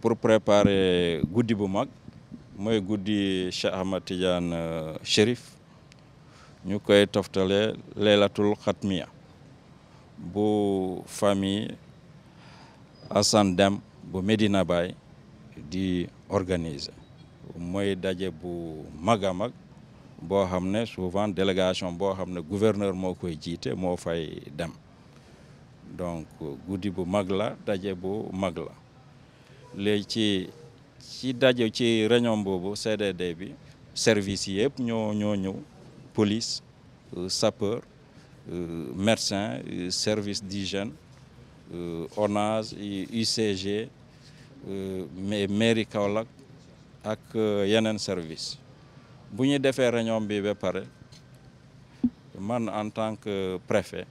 pour préparer guddi bu mag mooy guddi Cheikh Ahmad Tidiane euh, Chérif ñu koy toftale laylatul xatmiya bu famille Assane Deme bu Medina Baye di organiser mooy daje bu mag a mag boo xam ne souvent délégation boo xam ne gouverneur moo koy jiite moo fay dem donc guddi bu mag la daje bu mag la léegi ci ci daje ci réunion boobu CDD bi service yëpp ñoo ñoo ñëw police euh, sapeur euh, médecin euh, service d'hygiène ONAS UCG mais mairie Kaolack ak yeneen service bu ñu defee réunion bi ba man en tant que préfet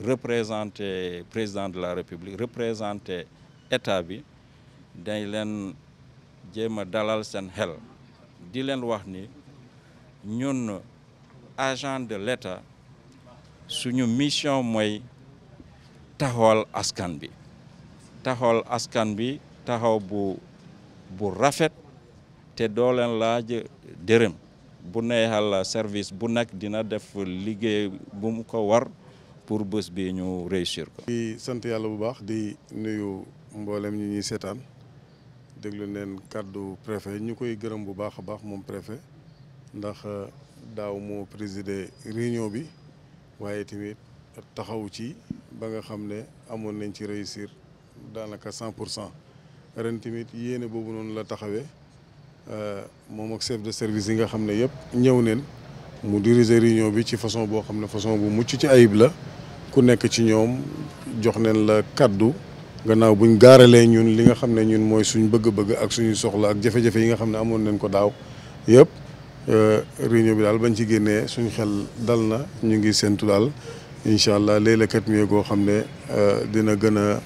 représenté président de la République représenté état bi day leen jéem a dalal seen xel di leen wax ni ñun agent de l'État suñu mission mooy taxawal askan bi taxawal askan bi taxaw bu bu rafet te doo leen laaj dërëm bu neexal service bu nekk dina def liggéey bu mu ko war pour bés bi ñu réussir ko. sant yàlla bu baax di nuyu mboolem ñi ñuy seetaan. déglu neen kàddu préfet ñu koy gërëm bu baax a baax moom préfet ndax euh, daaw moo présider réunion bi waaye tamit taxaw ci ba nga xam ne amoon nañ ci réussir daanaka cent pour cent ren tamit yéene boobu noonu la taxawee euh, moom ak de service yi nga xam ne yëpp ñëw neen mu diriger réunion bi ci façon boo xam ne façon bu mucc ci ayib la ku nekk ci ñoom jox neen la kàddu gannaaw buñ gaaralee ñun li nga xam ne ñun mooy suñ bëgg-bëgg ak suñu soxla ak jafe-jafe yi nga xam ne amoon nañ ko daaw yëpp euh, réunion bi daal bañ ci génnee suñ xel dal na ñu ngi séntu daal incha allah léeg-léeg kat goo xam ne euh, dina gën a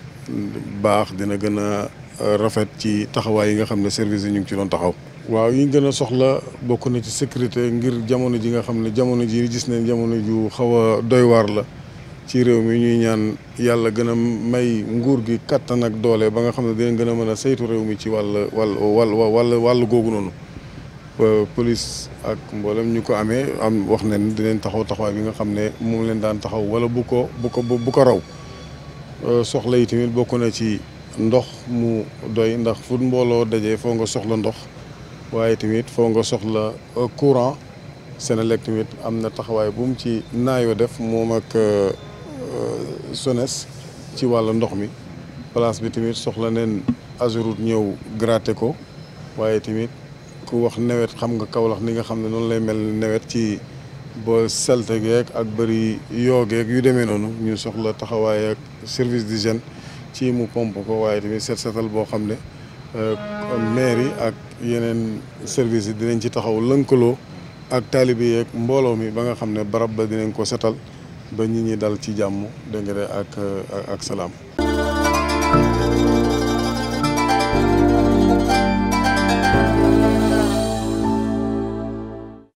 baax dina gën a euh, rafet ci taxawaay yi nga xam ne service yi ñu ngi ci doon taxaw. waaw yi soxla bokk na ci sécurité ngir jamono ji nga xam ne jamono ji gis nañ jamono ju xaw a doy waar la. ci réew mi ñuy ñaan yàlla gën a may nguur gi kattan ak doole ba nga xam ne dinañ gën a mën a saytu réew mi ci wàll wàll wàll wàll wàll googu noonu police ak mboolem ñu ko amee am wax nañ dinañ taxaw taxawaay bi nga xam ne moom leen daan taxaw wala bu ko bu ko bu ko raw soxla yi tamit bokk na ci ndox mu doy ndax fut mbooloo dajee foo nga soxla ndox waaye tamit foo nga soxla euh, courant Senelec tamit am na taxawaay bu mu ci naayoo def moom ak euh, SONES ci wàll ndox mi place bi tamit soxla neen Ageroute ñëw gratter ko waaye tamit ku wax nawet xam nga Kaolack ni nga xam ne noonu lay mel nawet ci ba salte geeg ak bëri yoogeeg yu demee noonu ñu soxla taxawaay ak service d'hygiène ci mu pompe ko waaye tamit set setal boo xam ne euh, maire yi ak yeneen service yi dinañ ci taxaw lënkaloo ak taalibe yeeg mbooloo mi ba nga xam ne barab ba dinañ ko setal ba nit ñi dal ci jàmm dégg ak ak salaam.